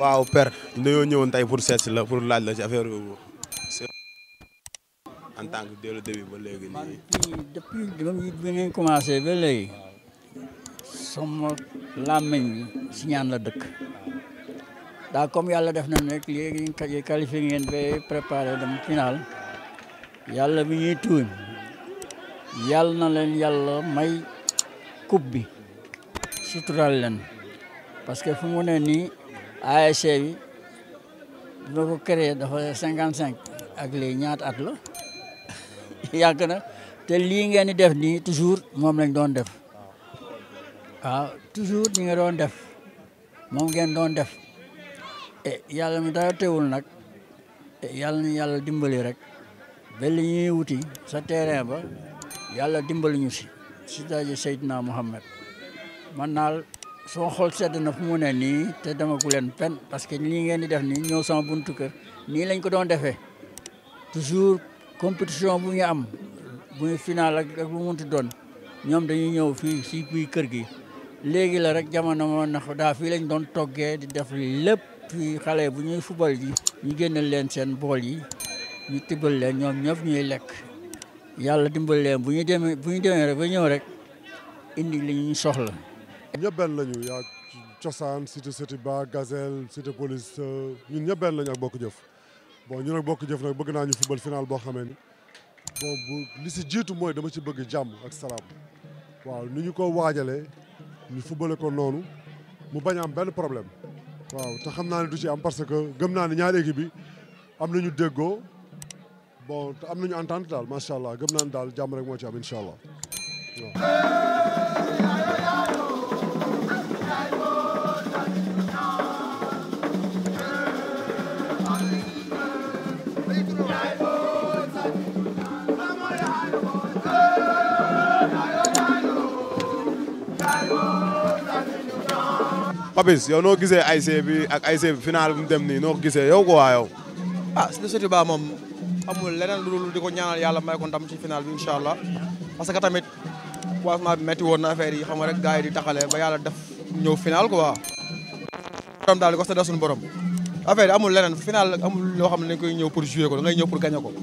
waaw père dañoo ñëwoon tey pour seet si la pour laaj la ci affaire yooyu en tant que dès le ba léegi nii. bi ngeen commencé ba léegi sama làmmiñ bi si ñaan la dëkk daa comme yàlla def na rek léegi ñu qualifié ngeen ba préparé dem final yàlla mi ñuy tuuñ yàlla na leen yàlla may coupe bi sutural leen parce que fu mu ne ASC bi bi ma ko créé dafa cinquante cinq ak léegi ñaata at la yàgg na te lii ngeen di def nii toujours moom lañ doon def waaw toujours ñi nga doon def moom ngeen doon def e yàlla mi dara tewul nag eh, yàlla yàlla dimbali rek ba li ñuy wuti sa terrain ba yàlla dimbali ñu si si daje Seydina Mouhamed naal so xol sedd na fu mu ne nii te dama gu len pen parce que ni ngeen di def ni ñoo sama buntu kër ni lañ ko doon defé toujours compétition bu ñu am bu ñu final ak ak bu munti doon ñom dañuy ñew fi ci bu kër gi légui la rek jamono mo nax da fi lañ doon toggé di def lepp fi xalé bu ñuy football yi ñu gënal leen seen bol yi ñu tibal leen ñom ñof ñuy lek yalla dimbal leen bu ñu dem bu ñu dem rek ba ñew rek indi li ñu soxla ñëpp benn lañu yaa cosaan cité cité ba gazelle cité police euh, ñun ñëpp benn lañu ak bokk jëf bon ñu nag bokk jëf nag bëgg naa ñu football final boo xamee ni bon li si jiitu mooy dama ci bëgg jàmm ak salaam waaw nu ñu ko waajalee ñu footballé ko noonu mu bañ am benn problème waaw te xam naa ne du ci am parce que gëm naa ne ñaari équipe bi am nañu déggoo bon te am nañu entente daal macha allah gëm naa ne daal jàmm rek moo ci am incha allah Papis yow noo gisee ASC bi ak ASC bi final mu dem nii noo ko gisee yow ko waa yow. ah Siteu Siteu Ba moom amul leneen lu dul di ko ñaanal yàlla may ko ndam ci final bi incha allah parce que tamit waa bi métti woon na affaire yi xam nga rek gars di taxalee ba yàlla def ñëw final quoi. borom daal di ko séddal suñu borom affaire yi amul leneen final amul loo xam ne dañ koy ñëw pour jouer ko da ngay ñëw pour gagner ko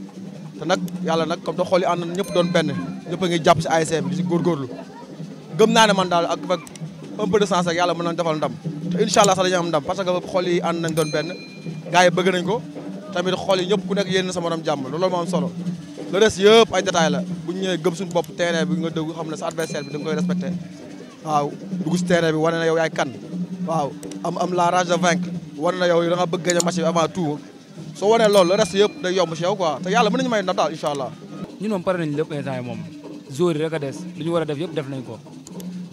te nag yàlla nag comme te xool yi ànd ñëpp doon benn ñëpp a jàpp si ASC bi di si góorgóorlu gëm man daal ak un peu de sens rek yàlla mën nañ defal ndam te incha allah sax dañu am ndam parce que xol yi ànd nañ benn gars bëgg nañ ko tamit xol ñëpp ku nekk yéen na sa morom jàmm loolu moo am solo le reste yëpp bopp terrain bi nga dégg xam ne koy respecté waaw dugg si terrain bi wane na yow yaay kan waaw am la rage de vaincre wane na yow da nga bëgg gagné match bi avant tout soo wanee loolu le reste yëpp day yomb si yow quoi te yàlla a nañu may ndam daal incha allah ñun moom pare nañ lépp instant yi moom jour rek a des lu ñu war a def yëpp def nañ ko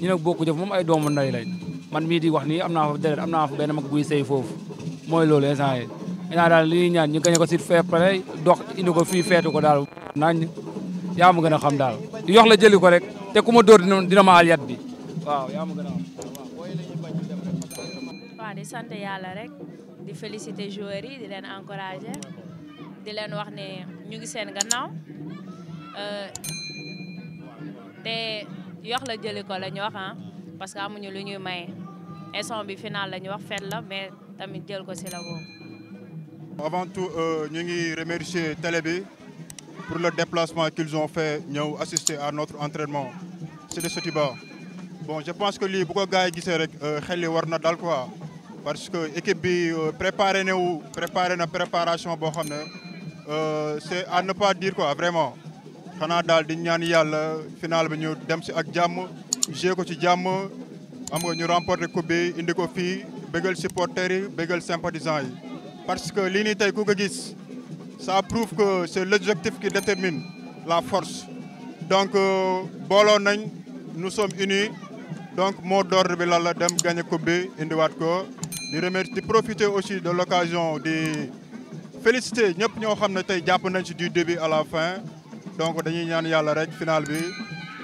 ñu nag bokku jëf moom ay doomu nday lañ man mii di wax nii am naa fa deret am naa fa mag buy sëy foofu mooy loolu instant yi inaa daal li ñaan ñu gañe ko si fair play dox indi ko fii feetu ko daal nañ yaa gën a xam daal di yox la jëli ko rek te ku ma dóor dina ma al bi waaw yaa ma di sant yàlla rek di féliciter joueurs di leen encourager di leen wax ne ñu ngi seen gannaaw euh, te yox la jëli ko la ñu wax ah parce que amuñu lu ñuy maye instant bi final la ñu wax fet la mais tamit jël ko si la boobu. avant tout euh, ñu ngi remercier télé bi pour le déplacement qu'ils ont fait ñëw assister à notre entraînement c'est de Sotiba bon je pense que lii bu ko gars yi gisee rek euh, xel yi war na dal quoi parce que équipe bi euh, préparé na préparé na préparation boo xam ne c'est à ne pas dire quoi vraiment xanaa dal di ñaan yalla final bi ñu dem ci ak jamm jé ko ci jamm am nga ñu remporter coupe bi indi ko fi bégal supporters yi bégal sympathisants parce que lii nii ko gis ça prouve que c'est l'objectif qui détermine la force. donc euh, bolo nañ nous sommes unis donc mo d'ordre bi la la dem gagné coupe bi wat ko di remercier di profiter aussi de l'occasion de féliciter ñep ñoo xamné tay japp nañ ci du début à la fin. donc dañuy ñaan yàlla rek final bi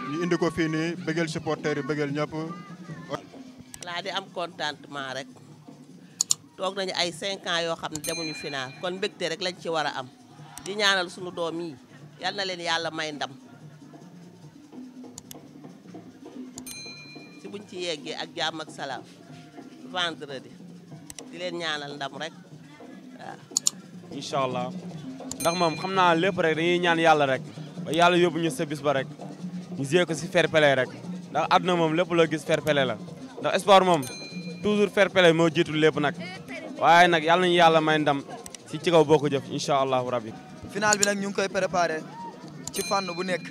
ñu indi ko fii nii bëggal supporters yi bëggal ñëpp. laa di am contentement rek toog nañu ay 5 ans yoo xam ne demuñu final kon mbégte rek lañ ci war a am di ñaanal suñu doom yi yal na leen yàlla may ndam. si buñ ci yeggee ak jàmm ak salaam vendredi di leen ñaanal ndam rek waaw. incha allah ndax moom xam naa lépp rek dañuy ñaan yàlla rek. ba yàlla yóbbu ñu sa ba rek ñu jiyee ko si fair play rek ndax aduna moom lépp loo gis fair play la ndax sport moom toujours fair play moo jiitu lépp nag waaye nag yàlla nañu yàlla may ndam si ci kaw boo ko jëf incha allahu rabbi final bi nag ñu ngi koy préparé ci fànn bu nekk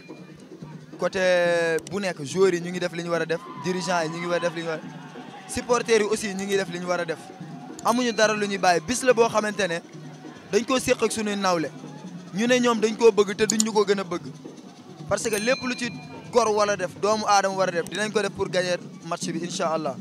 côté bu nekk joueurs yi ñu ngi def li ñu war a def dirigeant yi ñu ngi war def li ñu war a yi aussi ñu ngi def li ñu war a def amuñu dara lu ñuy bàyyi bis la boo xamante ne dañ ko séq ak suñuy nawle ñu ne ñoom dañ koo bëgg te duñ ñu ko gën a bëgg parce que lépp lu ci gor wala def doomu aadama war a def dinañ ko def pour gagner match bi incha allah